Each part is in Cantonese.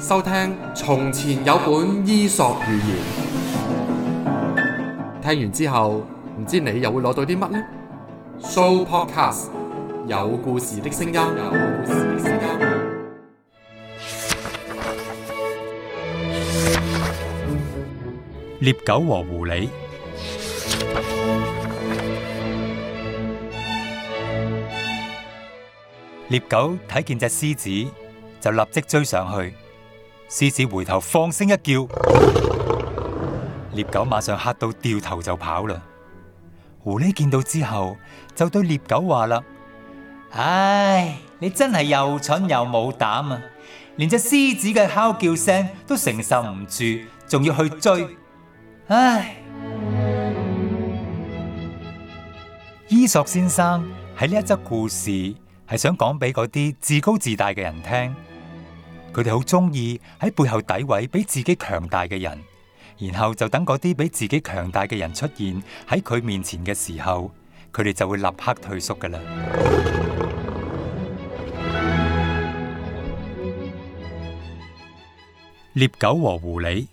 收聽從前有本伊索寓言，聽完之後唔知你又會攞到啲乜呢？Sooopodcast 有故事的聲音，獵狗和狐狸，獵狗睇見隻獅子就立即追上去。獅子回頭放聲一叫，獵狗馬上嚇到掉頭就跑啦。狐狸見到之後就對獵狗話啦：唉，你真係又蠢又冇膽啊！連隻獅子嘅敲叫聲都承受唔住，仲要去追。唉，伊索先生喺呢一則故事係想講俾嗰啲自高自大嘅人聽。佢哋好中意喺背後詆毀比自己強大嘅人，然後就等嗰啲比自己強大嘅人出現喺佢面前嘅時候，佢哋就會立刻退縮噶啦。獵狗和狐狸，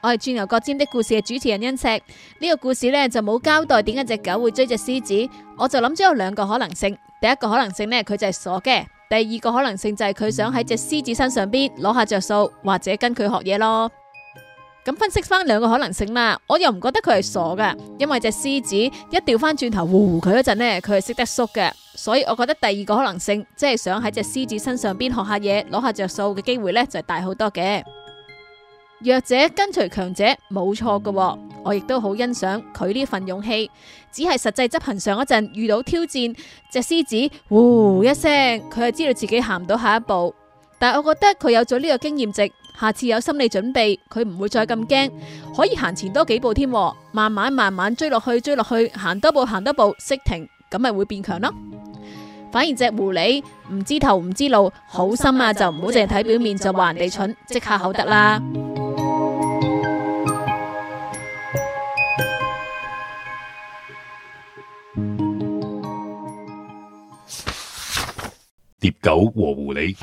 我係鑽牛角尖的故事嘅主持人恩赤。呢個故事呢，就冇交代點解隻狗會追隻獅子，我就諗咗有兩個可能性。第一個可能性呢，佢就係傻嘅；第二個可能性就係佢想喺隻獅子身上邊攞下着數，或者跟佢學嘢咯。咁分析翻兩個可能性啦，我又唔覺得佢係傻噶因為隻獅子一掉翻轉頭糊糊佢嗰陣呢，佢係識得縮嘅，所以我覺得第二個可能性即係、就是、想喺隻獅子身上邊學一下嘢，攞下着數嘅機會呢，就係大好多嘅。弱者跟隨強者冇錯噶，我亦都好欣賞佢呢份勇氣。只係實際執行上一陣遇到挑戰，隻獅子呼一聲，佢係知道自己行唔到下一步。但係我覺得佢有咗呢個經驗值，下次有心理準備，佢唔會再咁驚，可以行前多幾步添，慢慢慢慢追落去，追落去行多步，行多步識停，咁咪會變強咯。反而隻狐狸唔知頭唔知路，好心啊，就唔好淨係睇表面就話人哋蠢，即刻口得啦。獵狗和狐狸。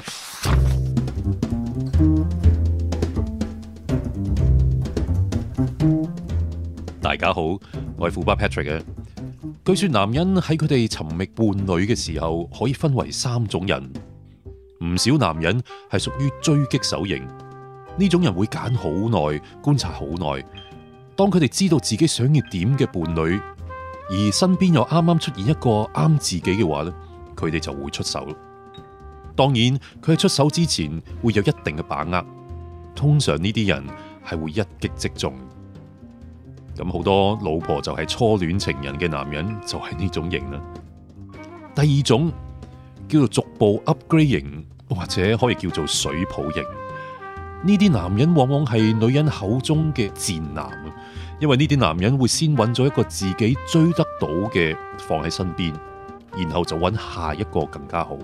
大家好，我係富爸 Patrick 嘅。據說男人喺佢哋尋覓伴侶嘅時候，可以分為三種人。唔少男人係屬於追擊手型呢種人，會揀好耐，觀察好耐。當佢哋知道自己想要點嘅伴侶，而身邊又啱啱出現一個啱自己嘅話咧，佢哋就會出手。當然，佢喺出手之前會有一定嘅把握。通常呢啲人係會一擊即中。咁好多老婆就係初戀情人嘅男人就係呢種型啦。第二種叫做逐步 upgrade 型，或者可以叫做水泡型。呢啲男人往往係女人口中嘅賤男，因為呢啲男人會先搵咗一個自己追得到嘅放喺身邊，然後就搵下一個更加好。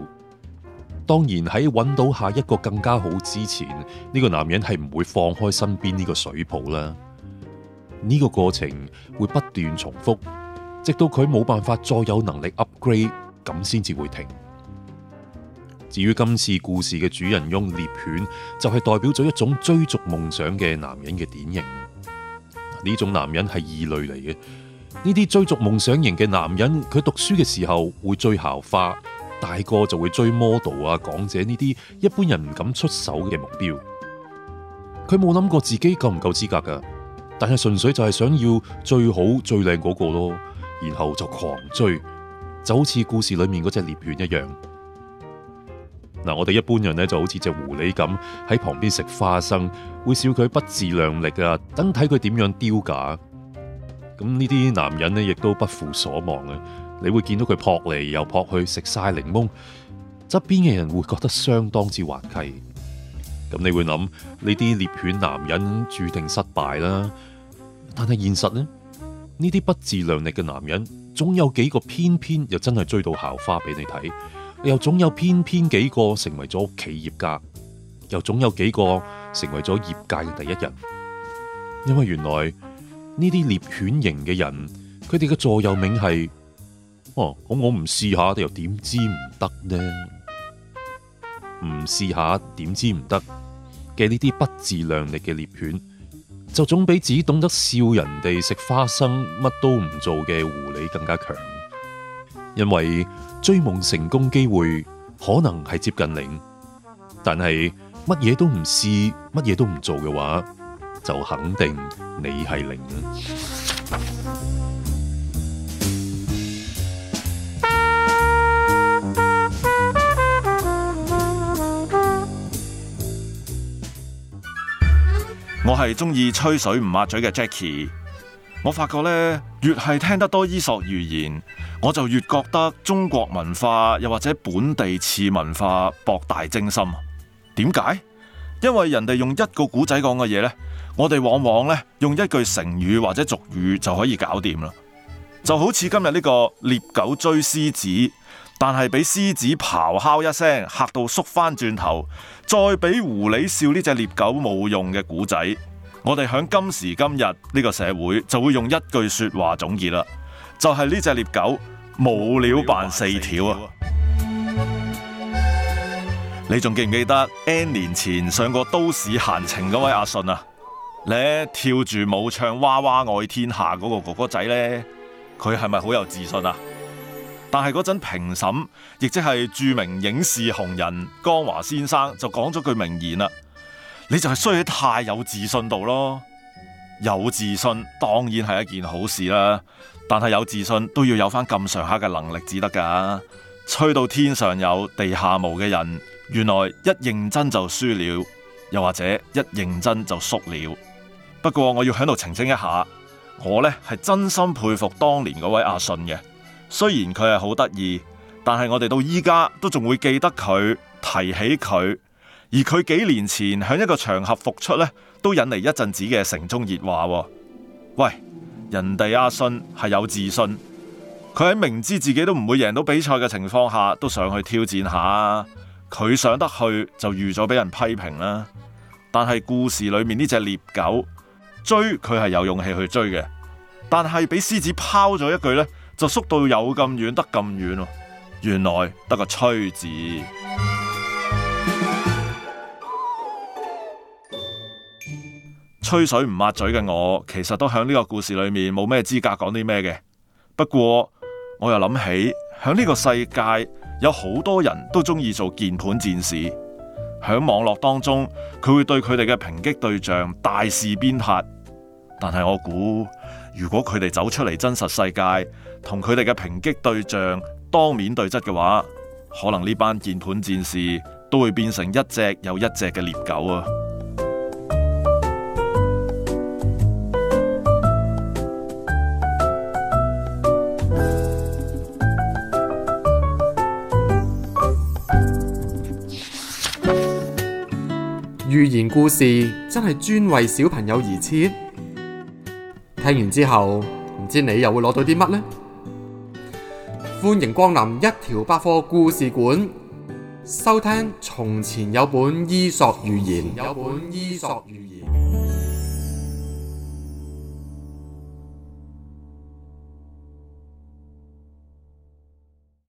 當然喺搵到下一個更加好之前，呢、這個男人係唔會放開身邊呢個水泡啦。呢、這個過程會不斷重複，直到佢冇辦法再有能力 upgrade，咁先至會停。至於今次故事嘅主人翁獵犬，就係、是、代表咗一種追逐夢想嘅男人嘅典型。呢種男人係異類嚟嘅。呢啲追逐夢想型嘅男人，佢讀書嘅時候會追校花。大個就會追 model 啊、港姐呢啲一般人唔敢出手嘅目標，佢冇諗過自己夠唔夠資格噶，但係純粹就係想要最好最靚嗰個咯，然後就狂追，就好似故事裏面嗰隻獵犬一樣。嗱，我哋一般人咧就好似隻狐狸咁喺旁邊食花生，會笑佢不自量力啊，等睇佢點樣丟架。咁呢啲男人呢，亦都不負所望啊！你會見到佢撲嚟，又撲去食晒檸檬，側邊嘅人會覺得相當之滑稽。咁你會諗，呢啲獵犬男人注定失敗啦。但係現實呢？呢啲不自量力嘅男人，總有幾個偏偏又真係追到校花俾你睇，又總有偏偏幾個成為咗企業家，又總有幾個成為咗業界嘅第一人。因為原來呢啲獵犬型嘅人，佢哋嘅座右銘係。哦，咁我唔試下又點知唔得呢？唔試下點知唔得嘅，呢啲不自量力嘅獵犬，就總比只懂得笑人哋食花生乜都唔做嘅狐狸更加強。因為追夢成功機會可能係接近零，但係乜嘢都唔試，乜嘢都唔做嘅話，就肯定你係零。我係中意吹水唔抹嘴嘅 Jacky，我發覺咧，越係聽得多伊索寓言，我就越覺得中國文化又或者本地次文化博大精深。點解？因為人哋用一個古仔講嘅嘢咧，我哋往往咧用一句成語或者俗語就可以搞掂啦。就好似今日呢個獵狗追獅子，但係俾獅子咆哮一聲嚇到縮翻轉頭，再俾狐狸笑呢隻獵狗冇用嘅古仔。我哋響今時今日呢個社會，就會用一句說話總結啦，就係呢隻獵狗冇料扮四條啊！你仲記唔記得 N 年前上過《都市閒情》嗰位阿信啊？咧跳住舞唱《娃娃愛天下》嗰個哥哥仔呢？佢係咪好有自信啊？但係嗰陣評審，亦即係著名影視紅人江華先生，就講咗句名言啦：你就係衰喺太有自信度咯，有自信當然係一件好事啦，但係有自信都要有翻咁上下嘅能力至得噶，吹到天上有地下無嘅人，原來一認真就輸了，又或者一認真就縮了。不過我要響度澄清一下，我呢係真心佩服當年嗰位阿信嘅。雖然佢係好得意，但係我哋到依家都仲會記得佢提起佢，而佢幾年前喺一個場合復出呢，都引嚟一陣子嘅城中熱話。喂，人哋阿信係有自信，佢喺明知自己都唔會贏到比賽嘅情況下，都上去挑戰下。佢上得去就預咗俾人批評啦。但係故事裏面呢隻獵狗追佢係有勇氣去追嘅，但係俾獅子拋咗一句呢。就縮到有咁遠得咁遠，原來得個吹字，吹水唔抹嘴嘅我，其實都響呢個故事裏面冇咩資格講啲咩嘅。不過我又諗起，響呢個世界有好多人都中意做鍵盤戰士，響網絡當中佢會對佢哋嘅抨擊對象大肆鞭撻，但係我估。如果佢哋走出嚟真實世界，同佢哋嘅抨擊對象當面對質嘅話，可能呢班鍵盤戰士都會變成一隻又一隻嘅獵狗啊！寓言故事真係專為小朋友而設。聽完之後，唔知你又會攞到啲乜咧？歡迎光臨一條百貨故事館，收聽從前有本伊索寓言。有本伊索寓言。